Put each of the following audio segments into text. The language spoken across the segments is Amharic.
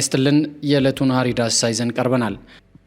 ይስጥልን። የዕለቱን አሪዳስ ሳይዘን ቀርበናል።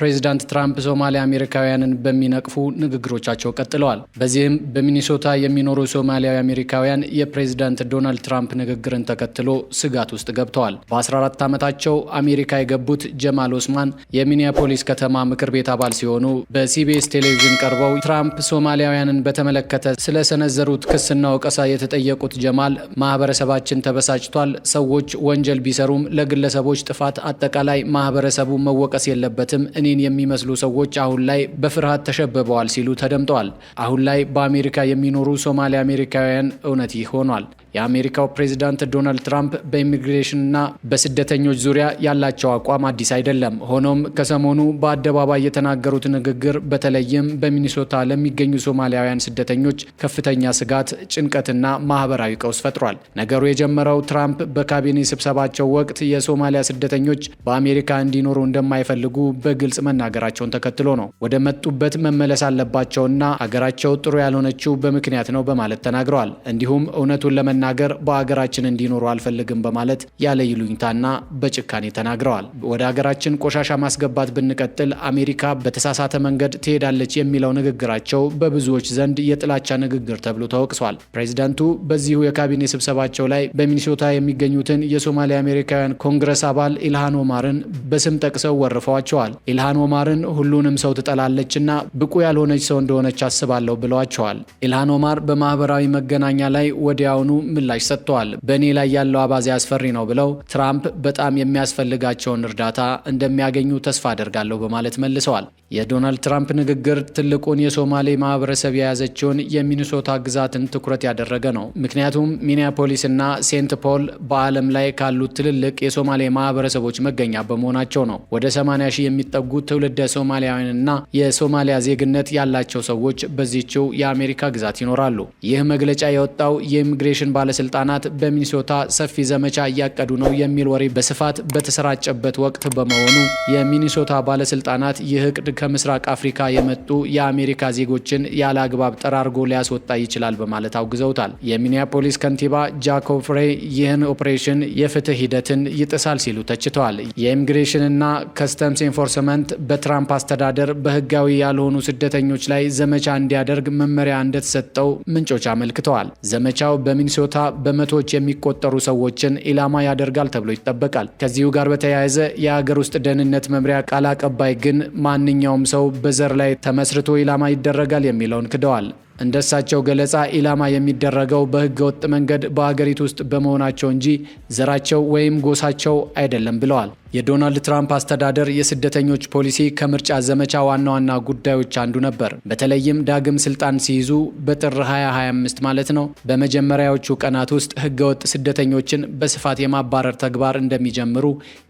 ፕሬዚዳንት ትራምፕ ሶማሊያ አሜሪካውያንን በሚነቅፉ ንግግሮቻቸው ቀጥለዋል። በዚህም በሚኒሶታ የሚኖሩ ሶማሊያዊ አሜሪካውያን የፕሬዚዳንት ዶናልድ ትራምፕ ንግግርን ተከትሎ ስጋት ውስጥ ገብተዋል። በ14 ዓመታቸው አሜሪካ የገቡት ጀማል ኦስማን የሚኒያፖሊስ ከተማ ምክር ቤት አባል ሲሆኑ በሲቢኤስ ቴሌቪዥን ቀርበው ትራምፕ ሶማሊያውያንን በተመለከተ ስለሰነዘሩት ክስና ወቀሳ የተጠየቁት ጀማል ማህበረሰባችን ተበሳጭቷል። ሰዎች ወንጀል ቢሰሩም ለግለሰቦች ጥፋት አጠቃላይ ማህበረሰቡ መወቀስ የለበትም እኔ ሌኒን የሚመስሉ ሰዎች አሁን ላይ በፍርሃት ተሸብበዋል ሲሉ ተደምጠዋል። አሁን ላይ በአሜሪካ የሚኖሩ ሶማሌ አሜሪካውያን እውነት ይህ ሆኗል። የአሜሪካው ፕሬዚዳንት ዶናልድ ትራምፕ በኢሚግሬሽንና በስደተኞች ዙሪያ ያላቸው አቋም አዲስ አይደለም። ሆኖም ከሰሞኑ በአደባባይ የተናገሩት ንግግር በተለይም በሚኒሶታ ለሚገኙ ሶማሊያውያን ስደተኞች ከፍተኛ ስጋት፣ ጭንቀትና ማህበራዊ ቀውስ ፈጥሯል። ነገሩ የጀመረው ትራምፕ በካቢኔ ስብሰባቸው ወቅት የሶማሊያ ስደተኞች በአሜሪካ እንዲኖሩ እንደማይፈልጉ በግልጽ መናገራቸውን ተከትሎ ነው። ወደ መጡበት መመለስ አለባቸውና አገራቸው ጥሩ ያልሆነችው በምክንያት ነው በማለት ተናግረዋል። እንዲሁም እውነቱን ለመ ለመናገር በሀገራችን እንዲኖሩ አልፈልግም በማለት ያለ ይሉኝታና በጭካኔ ተናግረዋል። ወደ ሀገራችን ቆሻሻ ማስገባት ብንቀጥል አሜሪካ በተሳሳተ መንገድ ትሄዳለች የሚለው ንግግራቸው በብዙዎች ዘንድ የጥላቻ ንግግር ተብሎ ተወቅሷል። ፕሬዚዳንቱ በዚሁ የካቢኔ ስብሰባቸው ላይ በሚኒሶታ የሚገኙትን የሶማሌ አሜሪካውያን ኮንግረስ አባል ኢልሃን ኦማርን በስም ጠቅሰው ወርፈዋቸዋል። ኢልሃን ኦማርን ሁሉንም ሰው ትጠላለችና ብቁ ያልሆነች ሰው እንደሆነች አስባለሁ ብለዋቸዋል። ኢልሃን ኦማር በማህበራዊ መገናኛ ላይ ወዲያውኑ ምላሽ ሰጥተዋል። በእኔ ላይ ያለው አባዜ አስፈሪ ነው ብለው ትራምፕ በጣም የሚያስፈልጋቸውን እርዳታ እንደሚያገኙ ተስፋ አደርጋለሁ በማለት መልሰዋል። የዶናልድ ትራምፕ ንግግር ትልቁን የሶማሌ ማህበረሰብ የያዘችውን የሚኒሶታ ግዛትን ትኩረት ያደረገ ነው። ምክንያቱም ሚኒያፖሊስ እና ሴንት ፖል በዓለም ላይ ካሉት ትልልቅ የሶማሌ ማህበረሰቦች መገኛ በመሆናቸው ነው። ወደ 80 ሺህ የሚጠጉ ትውልደ ሶማሊያውያንና የሶማሊያ ዜግነት ያላቸው ሰዎች በዚችው የአሜሪካ ግዛት ይኖራሉ። ይህ መግለጫ የወጣው የኢሚግሬሽን ባለስልጣናት በሚኒሶታ ሰፊ ዘመቻ እያቀዱ ነው የሚል ወሬ በስፋት በተሰራጨበት ወቅት በመሆኑ የሚኒሶታ ባለስልጣናት ይህ እቅድ ከምስራቅ አፍሪካ የመጡ የአሜሪካ ዜጎችን ያለ አግባብ ጠራርጎ ሊያስወጣ ይችላል በማለት አውግዘውታል። የሚኒያፖሊስ ከንቲባ ጃኮብ ፍሬ ይህን ኦፕሬሽን የፍትህ ሂደትን ይጥሳል ሲሉ ተችተዋል። የኢሚግሬሽንና ከስተምስ ኢንፎርስመንት በትራምፕ አስተዳደር በህጋዊ ያልሆኑ ስደተኞች ላይ ዘመቻ እንዲያደርግ መመሪያ እንደተሰጠው ምንጮች አመልክተዋል። ዘመቻው በሚኒሶ ይዞታ በመቶዎች የሚቆጠሩ ሰዎችን ኢላማ ያደርጋል ተብሎ ይጠበቃል። ከዚሁ ጋር በተያያዘ የሀገር ውስጥ ደህንነት መምሪያ ቃል አቀባይ ግን ማንኛውም ሰው በዘር ላይ ተመስርቶ ኢላማ ይደረጋል የሚለውን ክደዋል። እንደሳቸው ገለጻ ኢላማ የሚደረገው በህገ ወጥ መንገድ በሀገሪቱ ውስጥ በመሆናቸው እንጂ ዘራቸው ወይም ጎሳቸው አይደለም ብለዋል። የዶናልድ ትራምፕ አስተዳደር የስደተኞች ፖሊሲ ከምርጫ ዘመቻ ዋና ዋና ጉዳዮች አንዱ ነበር። በተለይም ዳግም ስልጣን ሲይዙ በጥር 2025 ማለት ነው፣ በመጀመሪያዎቹ ቀናት ውስጥ ህገወጥ ስደተኞችን በስፋት የማባረር ተግባር እንደሚጀምሩ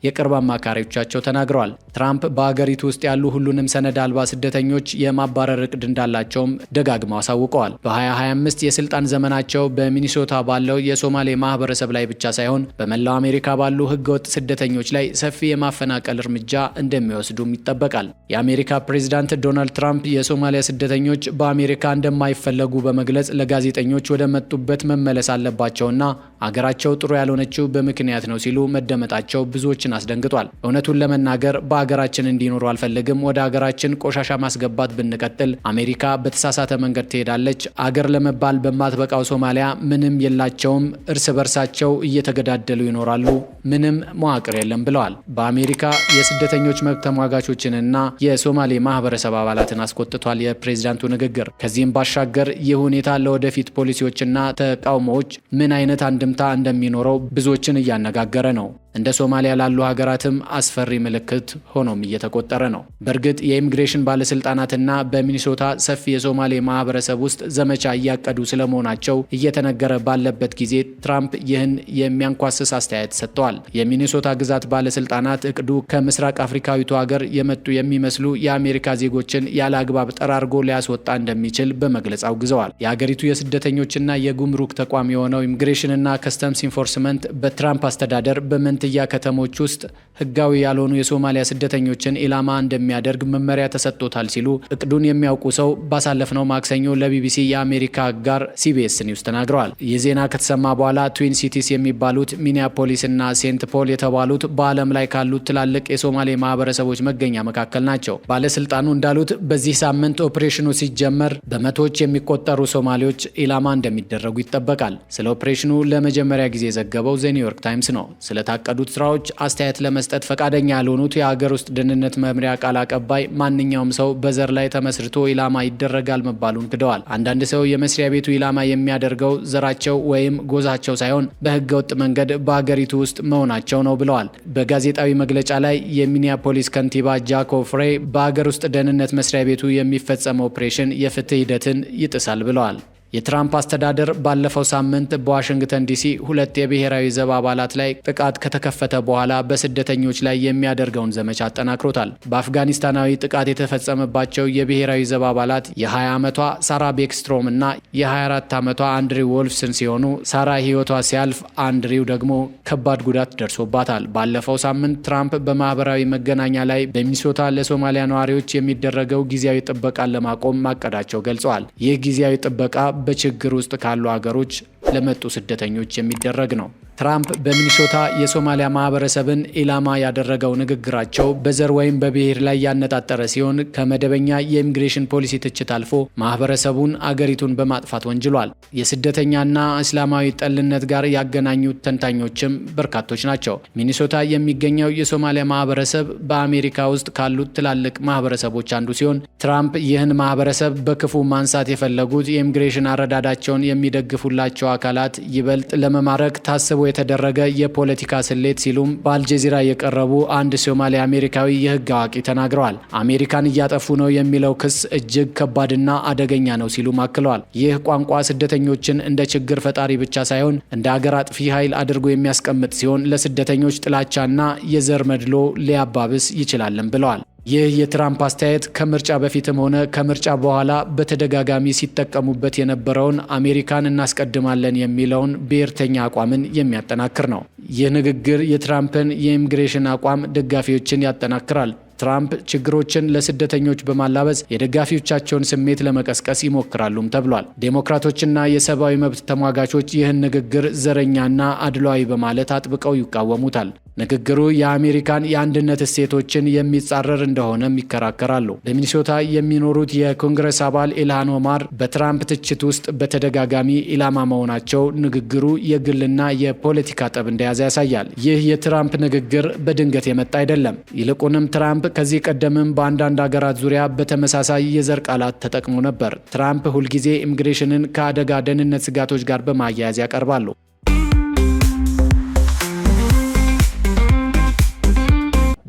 የቅርብ አማካሪዎቻቸው ተናግረዋል። ትራምፕ በሀገሪቱ ውስጥ ያሉ ሁሉንም ሰነድ አልባ ስደተኞች የማባረር እቅድ እንዳላቸውም ደጋግመው አሳው አስታውቀዋል። በ2025 የስልጣን ዘመናቸው በሚኒሶታ ባለው የሶማሌ ማህበረሰብ ላይ ብቻ ሳይሆን በመላው አሜሪካ ባሉ ህገወጥ ስደተኞች ላይ ሰፊ የማፈናቀል እርምጃ እንደሚወስዱም ይጠበቃል። የአሜሪካ ፕሬዚዳንት ዶናልድ ትራምፕ የሶማሊያ ስደተኞች በአሜሪካ እንደማይፈለጉ በመግለጽ ለጋዜጠኞች ወደ መጡበት መመለስ አለባቸውና አገራቸው ጥሩ ያልሆነችው በምክንያት ነው ሲሉ መደመጣቸው ብዙዎችን አስደንግጧል። እውነቱን ለመናገር በአገራችን እንዲኖሩ አልፈልግም። ወደ አገራችን ቆሻሻ ማስገባት ብንቀጥል አሜሪካ በተሳሳተ መንገድ ትሄዳለች። አገር ለመባል በማትበቃው ሶማሊያ ምንም የላቸውም፣ እርስ በርሳቸው እየተገዳደሉ ይኖራሉ፣ ምንም መዋቅር የለም ብለዋል። በአሜሪካ የስደተኞች መብት ተሟጋቾችንና የሶማሌ ማህበረሰብ አባላትን አስቆጥቷል የፕሬዚዳንቱ ንግግር። ከዚህም ባሻገር ይህ ሁኔታ ለወደፊት ፖሊሲዎችና ተቃውሞዎች ምን አይነት አንድምታ እንደሚኖረው ብዙዎችን እያነጋገረ ነው። እንደ ሶማሊያ ላሉ ሀገራትም አስፈሪ ምልክት ሆኖም እየተቆጠረ ነው። በእርግጥ የኢሚግሬሽን ባለስልጣናትና በሚኒሶታ ሰፊ የሶማሌ ማህበረሰብ ውስጥ ዘመቻ እያቀዱ ስለመሆናቸው እየተነገረ ባለበት ጊዜ ትራምፕ ይህን የሚያንኳስስ አስተያየት ሰጥተዋል። የሚኒሶታ ግዛት ባለስልጣናት እቅዱ ከምስራቅ አፍሪካዊቱ ሀገር የመጡ የሚመስሉ የአሜሪካ ዜጎችን ያለ አግባብ ጠራርጎ ሊያስወጣ እንደሚችል በመግለጽ አውግዘዋል። የሀገሪቱ የስደተኞችና የጉምሩክ ተቋም የሆነው ኢሚግሬሽንና ከስተምስ ኢንፎርስመንት በትራምፕ አስተዳደር በመን በኢንትያ ከተሞች ውስጥ ህጋዊ ያልሆኑ የሶማሊያ ስደተኞችን ኢላማ እንደሚያደርግ መመሪያ ተሰጥቶታል ሲሉ እቅዱን የሚያውቁ ሰው ባሳለፍነው ማክሰኞ ለቢቢሲ የአሜሪካ አጋር ሲቢኤስ ኒውስ ተናግረዋል። ይህ ዜና ከተሰማ በኋላ ትዊን ሲቲስ የሚባሉት ሚኒያፖሊስ እና ሴንት ፖል የተባሉት በዓለም ላይ ካሉት ትላልቅ የሶማሌ ማህበረሰቦች መገኛ መካከል ናቸው። ባለስልጣኑ እንዳሉት በዚህ ሳምንት ኦፕሬሽኑ ሲጀመር በመቶዎች የሚቆጠሩ ሶማሌዎች ኢላማ እንደሚደረጉ ይጠበቃል። ስለ ኦፕሬሽኑ ለመጀመሪያ ጊዜ የዘገበው ዘ ኒውዮርክ ታይምስ ነው። ስለታቀ በታቀዱት ስራዎች አስተያየት ለመስጠት ፈቃደኛ ያልሆኑት የሀገር ውስጥ ደህንነት መምሪያ ቃል አቀባይ ማንኛውም ሰው በዘር ላይ ተመስርቶ ኢላማ ይደረጋል መባሉን ክደዋል። አንዳንድ ሰው የመስሪያ ቤቱ ኢላማ የሚያደርገው ዘራቸው ወይም ጎዛቸው ሳይሆን በህገ ወጥ መንገድ በሀገሪቱ ውስጥ መሆናቸው ነው ብለዋል። በጋዜጣዊ መግለጫ ላይ የሚኒያፖሊስ ከንቲባ ጃኮ ፍሬ በሀገር ውስጥ ደህንነት መስሪያ ቤቱ የሚፈጸመው ኦፕሬሽን የፍትህ ሂደትን ይጥሳል ብለዋል። የትራምፕ አስተዳደር ባለፈው ሳምንት በዋሽንግተን ዲሲ ሁለት የብሔራዊ ዘብ አባላት ላይ ጥቃት ከተከፈተ በኋላ በስደተኞች ላይ የሚያደርገውን ዘመቻ አጠናክሮታል። በአፍጋኒስታናዊ ጥቃት የተፈጸመባቸው የብሔራዊ ዘብ አባላት የ20 ዓመቷ ሳራ ቤክስትሮም እና የ24 ዓመቷ አንድሪው ወልፍስን ሲሆኑ ሳራ ሕይወቷ ሲያልፍ፣ አንድሪው ደግሞ ከባድ ጉዳት ደርሶባታል። ባለፈው ሳምንት ትራምፕ በማህበራዊ መገናኛ ላይ በሚሶታ ለሶማሊያ ነዋሪዎች የሚደረገው ጊዜያዊ ጥበቃን ለማቆም ማቀዳቸው ገልጸዋል። ይህ ጊዜያዊ ጥበቃ በችግር ውስጥ ካሉ ሀገሮች ለመጡ ስደተኞች የሚደረግ ነው። ትራምፕ በሚኒሶታ የሶማሊያ ማህበረሰብን ኢላማ ያደረገው ንግግራቸው በዘር ወይም በብሔር ላይ ያነጣጠረ ሲሆን ከመደበኛ የኢሚግሬሽን ፖሊሲ ትችት አልፎ ማህበረሰቡን አገሪቱን በማጥፋት ወንጅሏል። የስደተኛና እስላማዊ ጠልነት ጋር ያገናኙት ተንታኞችም በርካቶች ናቸው። ሚኒሶታ የሚገኘው የሶማሊያ ማህበረሰብ በአሜሪካ ውስጥ ካሉት ትላልቅ ማህበረሰቦች አንዱ ሲሆን ትራምፕ ይህን ማህበረሰብ በክፉ ማንሳት የፈለጉት የኢሚግሬሽን አረዳዳቸውን የሚደግፉላቸው አካላት ይበልጥ ለመማረክ ታስቦ የተደረገ የፖለቲካ ስሌት ሲሉም በአልጀዚራ የቀረቡ አንድ ሶማሌ አሜሪካዊ የህግ አዋቂ ተናግረዋል። አሜሪካን እያጠፉ ነው የሚለው ክስ እጅግ ከባድና አደገኛ ነው ሲሉም አክለዋል። ይህ ቋንቋ ስደተኞችን እንደ ችግር ፈጣሪ ብቻ ሳይሆን እንደ አገር አጥፊ ኃይል አድርጎ የሚያስቀምጥ ሲሆን ለስደተኞች ጥላቻና የዘር መድሎ ሊያባብስ ይችላልም ብለዋል። ይህ የትራምፕ አስተያየት ከምርጫ በፊትም ሆነ ከምርጫ በኋላ በተደጋጋሚ ሲጠቀሙበት የነበረውን አሜሪካን እናስቀድማለን የሚለውን ብሔርተኛ አቋምን የሚያጠናክር ነው። ይህ ንግግር የትራምፕን የኢሚግሬሽን አቋም ደጋፊዎችን ያጠናክራል። ትራምፕ ችግሮችን ለስደተኞች በማላበስ የደጋፊዎቻቸውን ስሜት ለመቀስቀስ ይሞክራሉም ተብሏል። ዴሞክራቶችና የሰብአዊ መብት ተሟጋቾች ይህን ንግግር ዘረኛና አድሏዊ በማለት አጥብቀው ይቃወሙታል። ንግግሩ የአሜሪካን የአንድነት እሴቶችን የሚጻረር እንደሆነም ይከራከራሉ። በሚኒሶታ የሚኖሩት የኮንግረስ አባል ኢልሃን ኦማር በትራምፕ ትችት ውስጥ በተደጋጋሚ ኢላማ መሆናቸው ንግግሩ የግልና የፖለቲካ ጠብ እንደያዘ ያሳያል። ይህ የትራምፕ ንግግር በድንገት የመጣ አይደለም። ይልቁንም ትራምፕ ከዚህ ቀደምም በአንዳንድ ሀገራት ዙሪያ በተመሳሳይ የዘር ቃላት ተጠቅሞ ነበር። ትራምፕ ሁልጊዜ ኢሚግሬሽንን ከአደጋ ደህንነት ስጋቶች ጋር በማያያዝ ያቀርባሉ።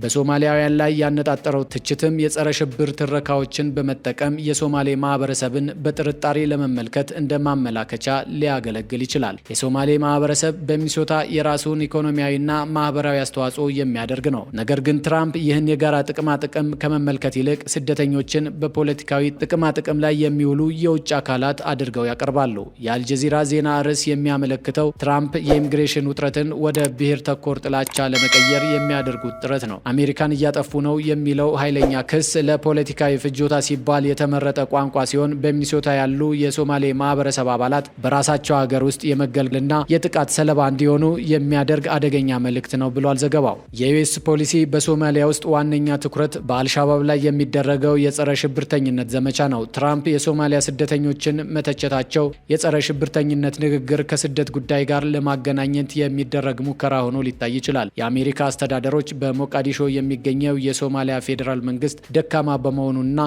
በሶማሊያውያን ላይ ያነጣጠረው ትችትም የጸረ ሽብር ትረካዎችን በመጠቀም የሶማሌ ማህበረሰብን በጥርጣሬ ለመመልከት እንደ ማመላከቻ ሊያገለግል ይችላል። የሶማሌ ማህበረሰብ በሚሶታ የራሱን ኢኮኖሚያዊና ማህበራዊ አስተዋጽኦ የሚያደርግ ነው። ነገር ግን ትራምፕ ይህን የጋራ ጥቅማጥቅም ከመመልከት ይልቅ ስደተኞችን በፖለቲካዊ ጥቅማጥቅም ላይ የሚውሉ የውጭ አካላት አድርገው ያቀርባሉ። የአልጀዚራ ዜና ርዕስ የሚያመለክተው ትራምፕ የኢሚግሬሽን ውጥረትን ወደ ብሔር ተኮር ጥላቻ ለመቀየር የሚያደርጉት ጥረት ነው። አሜሪካን እያጠፉ ነው የሚለው ኃይለኛ ክስ ለፖለቲካዊ ፍጆታ ሲባል የተመረጠ ቋንቋ ሲሆን በሚኒሶታ ያሉ የሶማሌ ማህበረሰብ አባላት በራሳቸው ሀገር ውስጥ የመገለልና የጥቃት ሰለባ እንዲሆኑ የሚያደርግ አደገኛ መልእክት ነው ብሏል ዘገባው። የዩኤስ ፖሊሲ በሶማሊያ ውስጥ ዋነኛ ትኩረት በአልሻባብ ላይ የሚደረገው የጸረ ሽብርተኝነት ዘመቻ ነው። ትራምፕ የሶማሊያ ስደተኞችን መተቸታቸው የጸረ ሽብርተኝነት ንግግር ከስደት ጉዳይ ጋር ለማገናኘት የሚደረግ ሙከራ ሆኖ ሊታይ ይችላል። የአሜሪካ አስተዳደሮች በሞቃዲሾ ሞቃዲሾ የሚገኘው የሶማሊያ ፌዴራል መንግስት ደካማ በመሆኑና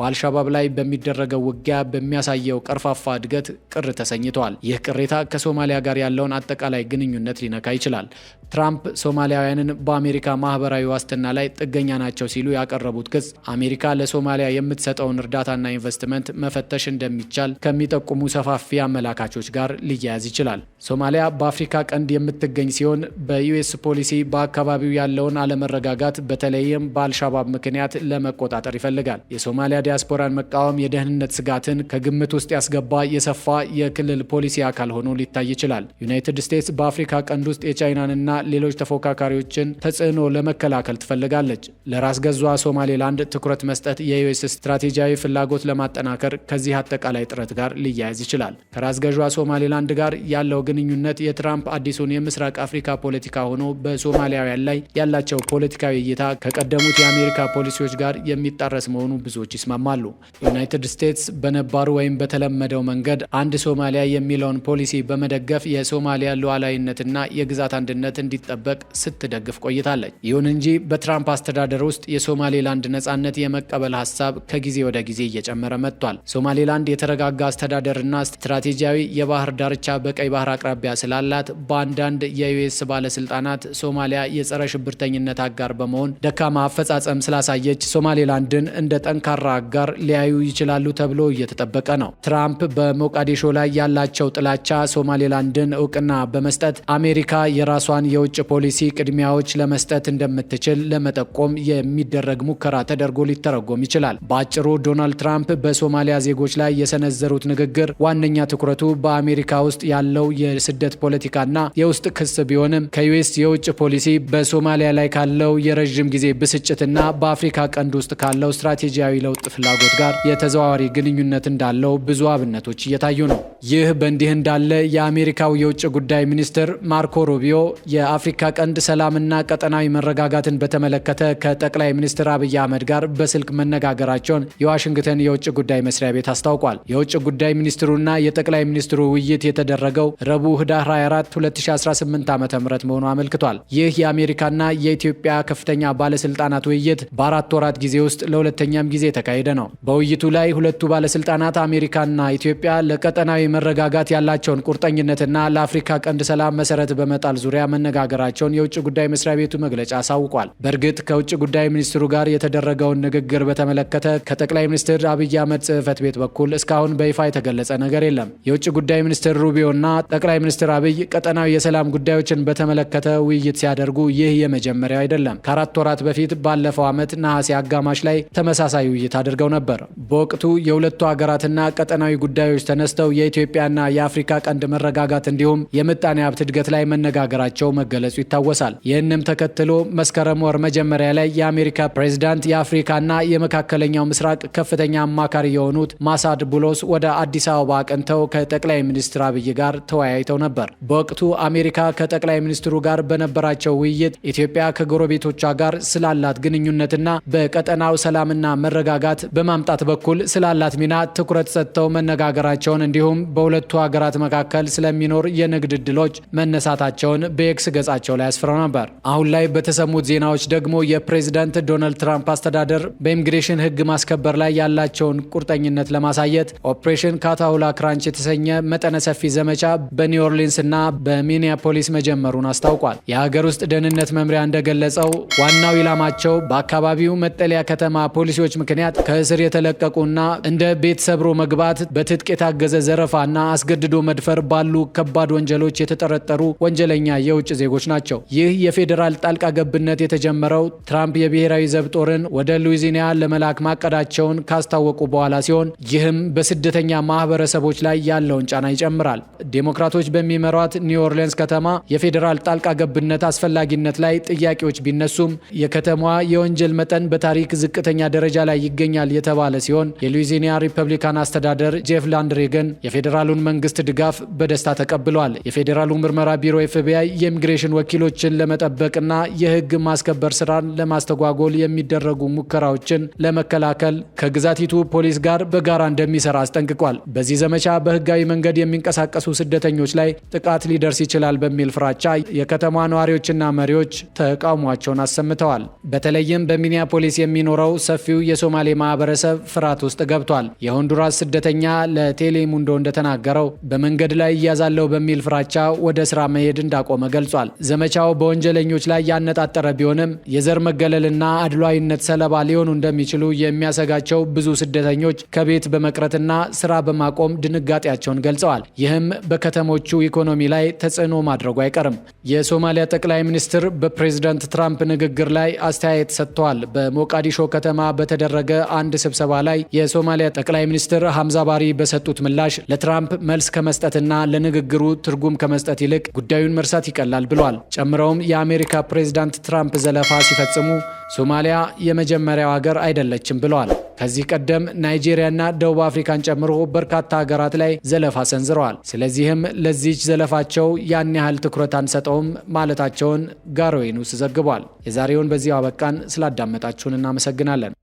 በአልሻባብ ላይ በሚደረገው ውጊያ በሚያሳየው ቀርፋፋ እድገት ቅር ተሰኝተዋል። ይህ ቅሬታ ከሶማሊያ ጋር ያለውን አጠቃላይ ግንኙነት ሊነካ ይችላል። ትራምፕ ሶማሊያውያንን በአሜሪካ ማህበራዊ ዋስትና ላይ ጥገኛ ናቸው ሲሉ ያቀረቡት ክስ አሜሪካ ለሶማሊያ የምትሰጠውን እርዳታና ኢንቨስትመንት መፈተሽ እንደሚቻል ከሚጠቁሙ ሰፋፊ አመላካቾች ጋር ሊያያዝ ይችላል። ሶማሊያ በአፍሪካ ቀንድ የምትገኝ ሲሆን በዩኤስ ፖሊሲ በአካባቢው ያለውን አለመረጋጋት በተለይም በአልሻባብ ምክንያት ለመቆጣጠር ይፈልጋል። የሶማሊያ ዲያስፖራን መቃወም የደህንነት ስጋትን ከግምት ውስጥ ያስገባ የሰፋ የክልል ፖሊሲ አካል ሆኖ ሊታይ ይችላል። ዩናይትድ ስቴትስ በአፍሪካ ቀንድ ውስጥ የቻይናንና ሌሎች ተፎካካሪዎችን ተጽዕኖ ለመከላከል ትፈልጋለች። ለራስ ገዟ ሶማሌላንድ ትኩረት መስጠት የዩኤስ ስትራቴጂያዊ ፍላጎት ለማጠናከር ከዚህ አጠቃላይ ጥረት ጋር ሊያያዝ ይችላል። ከራስ ገዟ ሶማሌላንድ ጋር ያለው ግንኙነት የትራምፕ አዲሱን የምስራቅ አፍሪካ ፖለቲካ ሆኖ በሶማሊያውያን ላይ ያላቸው ፖለቲካዊ እይታ ከቀደሙት የአሜሪካ ፖሊሲዎች ጋር የሚጣረስ መሆኑ ብዙዎች ይስማማል። ይስማማሉ። ዩናይትድ ስቴትስ በነባሩ ወይም በተለመደው መንገድ አንድ ሶማሊያ የሚለውን ፖሊሲ በመደገፍ የሶማሊያ ሉዓላዊነትና የግዛት አንድነት እንዲጠበቅ ስትደግፍ ቆይታለች። ይሁን እንጂ በትራምፕ አስተዳደር ውስጥ የሶማሌላንድ ነጻነት የመቀበል ሀሳብ ከጊዜ ወደ ጊዜ እየጨመረ መጥቷል። ሶማሌላንድ የተረጋጋ አስተዳደርና ስትራቴጂያዊ የባህር ዳርቻ በቀይ ባህር አቅራቢያ ስላላት በአንዳንድ የዩኤስ ባለስልጣናት ሶማሊያ የጸረ ሽብርተኝነት አጋር በመሆን ደካማ አፈጻጸም ስላሳየች ሶማሌላንድን እንደ ጠንካራ አጋር ሊያዩ ይችላሉ ተብሎ እየተጠበቀ ነው። ትራምፕ በሞቃዲሾ ላይ ያላቸው ጥላቻ ሶማሌላንድን እውቅና በመስጠት አሜሪካ የራሷን የውጭ ፖሊሲ ቅድሚያዎች ለመስጠት እንደምትችል ለመጠቆም የሚደረግ ሙከራ ተደርጎ ሊተረጎም ይችላል። በአጭሩ ዶናልድ ትራምፕ በሶማሊያ ዜጎች ላይ የሰነዘሩት ንግግር ዋነኛ ትኩረቱ በአሜሪካ ውስጥ ያለው የስደት ፖለቲካና የውስጥ ክስ ቢሆንም ከዩኤስ የውጭ ፖሊሲ በሶማሊያ ላይ ካለው የረዥም ጊዜ ብስጭትና በአፍሪካ ቀንድ ውስጥ ካለው ስትራቴጂያዊ ለውጥ ፍላጎት ጋር የተዘዋዋሪ ግንኙነት እንዳለው ብዙ አብነቶች እየታዩ ነው። ይህ በእንዲህ እንዳለ የአሜሪካው የውጭ ጉዳይ ሚኒስትር ማርኮ ሩቢዮ የአፍሪካ ቀንድ ሰላምና ቀጠናዊ መረጋጋትን በተመለከተ ከጠቅላይ ሚኒስትር አብይ አህመድ ጋር በስልክ መነጋገራቸውን የዋሽንግተን የውጭ ጉዳይ መስሪያ ቤት አስታውቋል። የውጭ ጉዳይ ሚኒስትሩና የጠቅላይ ሚኒስትሩ ውይይት የተደረገው ረቡዕ ህዳር 24 2018 ዓ ም መሆኑ አመልክቷል። ይህ የአሜሪካና የኢትዮጵያ ከፍተኛ ባለስልጣናት ውይይት በአራት ወራት ጊዜ ውስጥ ለሁለተኛም ጊዜ ተካሂዷል። እየተካሄደ ነው። በውይይቱ ላይ ሁለቱ ባለስልጣናት አሜሪካና ኢትዮጵያ ለቀጠናዊ መረጋጋት ያላቸውን ቁርጠኝነትና ለአፍሪካ ቀንድ ሰላም መሰረት በመጣል ዙሪያ መነጋገራቸውን የውጭ ጉዳይ መስሪያ ቤቱ መግለጫ አሳውቋል። በእርግጥ ከውጭ ጉዳይ ሚኒስትሩ ጋር የተደረገውን ንግግር በተመለከተ ከጠቅላይ ሚኒስትር አብይ አህመድ ጽህፈት ቤት በኩል እስካሁን በይፋ የተገለጸ ነገር የለም። የውጭ ጉዳይ ሚኒስትር ሩቢዮና ጠቅላይ ሚኒስትር አብይ ቀጠናዊ የሰላም ጉዳዮችን በተመለከተ ውይይት ሲያደርጉ ይህ የመጀመሪያው አይደለም። ከአራት ወራት በፊት ባለፈው ዓመት ነሐሴ አጋማሽ ላይ ተመሳሳይ ውይይት አደረ አድርገው ነበር። በወቅቱ የሁለቱ ሀገራትና ቀጠናዊ ጉዳዮች ተነስተው የኢትዮጵያና የአፍሪካ ቀንድ መረጋጋት እንዲሁም የምጣኔ ሀብት እድገት ላይ መነጋገራቸው መገለጹ ይታወሳል። ይህንም ተከትሎ መስከረም ወር መጀመሪያ ላይ የአሜሪካ ፕሬዚዳንት የአፍሪካና የመካከለኛው ምስራቅ ከፍተኛ አማካሪ የሆኑት ማሳድ ቡሎስ ወደ አዲስ አበባ አቅንተው ከጠቅላይ ሚኒስትር አብይ ጋር ተወያይተው ነበር። በወቅቱ አሜሪካ ከጠቅላይ ሚኒስትሩ ጋር በነበራቸው ውይይት ኢትዮጵያ ከጎረቤቶቿ ጋር ስላላት ግንኙነትና በቀጠናው ሰላምና መረጋጋት መግባባት በማምጣት በኩል ስላላት ሚና ትኩረት ሰጥተው መነጋገራቸውን እንዲሁም በሁለቱ ሀገራት መካከል ስለሚኖር የንግድ እድሎች መነሳታቸውን በኤክስ ገጻቸው ላይ አስፍረው ነበር። አሁን ላይ በተሰሙት ዜናዎች ደግሞ የፕሬዚዳንት ዶናልድ ትራምፕ አስተዳደር በኢሚግሬሽን ሕግ ማስከበር ላይ ያላቸውን ቁርጠኝነት ለማሳየት ኦፕሬሽን ካታሁላ ክራንች የተሰኘ መጠነ ሰፊ ዘመቻ በኒው ኦርሊንስ እና በሚኒያፖሊስ መጀመሩን አስታውቋል። የሀገር ውስጥ ደህንነት መምሪያ እንደገለጸው ዋናው ኢላማቸው በአካባቢው መጠለያ ከተማ ፖሊሲዎች ምክንያት ከእስር የተለቀቁና እንደ ቤት ሰብሮ መግባት፣ በትጥቅ የታገዘ ዘረፋና አስገድዶ መድፈር ባሉ ከባድ ወንጀሎች የተጠረጠሩ ወንጀለኛ የውጭ ዜጎች ናቸው። ይህ የፌዴራል ጣልቃ ገብነት የተጀመረው ትራምፕ የብሔራዊ ዘብ ጦርን ወደ ሉዊዚኒያ ለመላክ ማቀዳቸውን ካስታወቁ በኋላ ሲሆን ይህም በስደተኛ ማህበረሰቦች ላይ ያለውን ጫና ይጨምራል። ዴሞክራቶች በሚመሯት ኒው ከተማ የፌዴራል ጣልቃ ገብነት አስፈላጊነት ላይ ጥያቄዎች ቢነሱም የከተማዋ የወንጀል መጠን በታሪክ ዝቅተኛ ደረጃ ላይ ይገኛል ይገኛል የተባለ ሲሆን የሉዊዚኒያ ሪፐብሊካን አስተዳደር ጄፍ ላንድሪ ግን የፌዴራሉን መንግስት ድጋፍ በደስታ ተቀብሏል። የፌዴራሉ ምርመራ ቢሮ ኤፍቢአይ የኢሚግሬሽን ወኪሎችን ለመጠበቅና የህግ ማስከበር ስራን ለማስተጓጎል የሚደረጉ ሙከራዎችን ለመከላከል ከግዛቲቱ ፖሊስ ጋር በጋራ እንደሚሰራ አስጠንቅቋል። በዚህ ዘመቻ በህጋዊ መንገድ የሚንቀሳቀሱ ስደተኞች ላይ ጥቃት ሊደርስ ይችላል በሚል ፍራቻ የከተማ ነዋሪዎችና መሪዎች ተቃውሟቸውን አሰምተዋል። በተለይም በሚኒያፖሊስ የሚኖረው ሰፊው የሶማሌ ማህበረሰብ ፍርሃት ውስጥ ገብቷል። የሆንዱራስ ስደተኛ ለቴሌሙንዶ እንደተናገረው በመንገድ ላይ እያዛለው በሚል ፍራቻ ወደ ስራ መሄድ እንዳቆመ ገልጿል። ዘመቻው በወንጀለኞች ላይ ያነጣጠረ ቢሆንም የዘር መገለልና አድሏዊነት ሰለባ ሊሆኑ እንደሚችሉ የሚያሰጋቸው ብዙ ስደተኞች ከቤት በመቅረትና ስራ በማቆም ድንጋጤያቸውን ገልጸዋል። ይህም በከተሞቹ ኢኮኖሚ ላይ ተጽዕኖ ማድረጉ አይቀርም። የሶማሊያ ጠቅላይ ሚኒስትር በፕሬዝዳንት ትራምፕ ንግግር ላይ አስተያየት ሰጥተዋል። በሞቃዲሾ ከተማ በተደረገ በአንድ ስብሰባ ላይ የሶማሊያ ጠቅላይ ሚኒስትር ሐምዛ ባሪ በሰጡት ምላሽ ለትራምፕ መልስ ከመስጠትና ለንግግሩ ትርጉም ከመስጠት ይልቅ ጉዳዩን መርሳት ይቀላል ብሏል። ጨምረውም የአሜሪካ ፕሬዚዳንት ትራምፕ ዘለፋ ሲፈጽሙ ሶማሊያ የመጀመሪያው ሀገር አይደለችም ብለዋል። ከዚህ ቀደም ናይጄሪያና ደቡብ አፍሪካን ጨምሮ በርካታ ሀገራት ላይ ዘለፋ ሰንዝረዋል። ስለዚህም ለዚች ዘለፋቸው ያን ያህል ትኩረት አንሰጠውም ማለታቸውን ጋሮዌ ኒውስ ዘግቧል። የዛሬውን በዚያው አበቃን። ስላዳመጣችሁን እናመሰግናለን።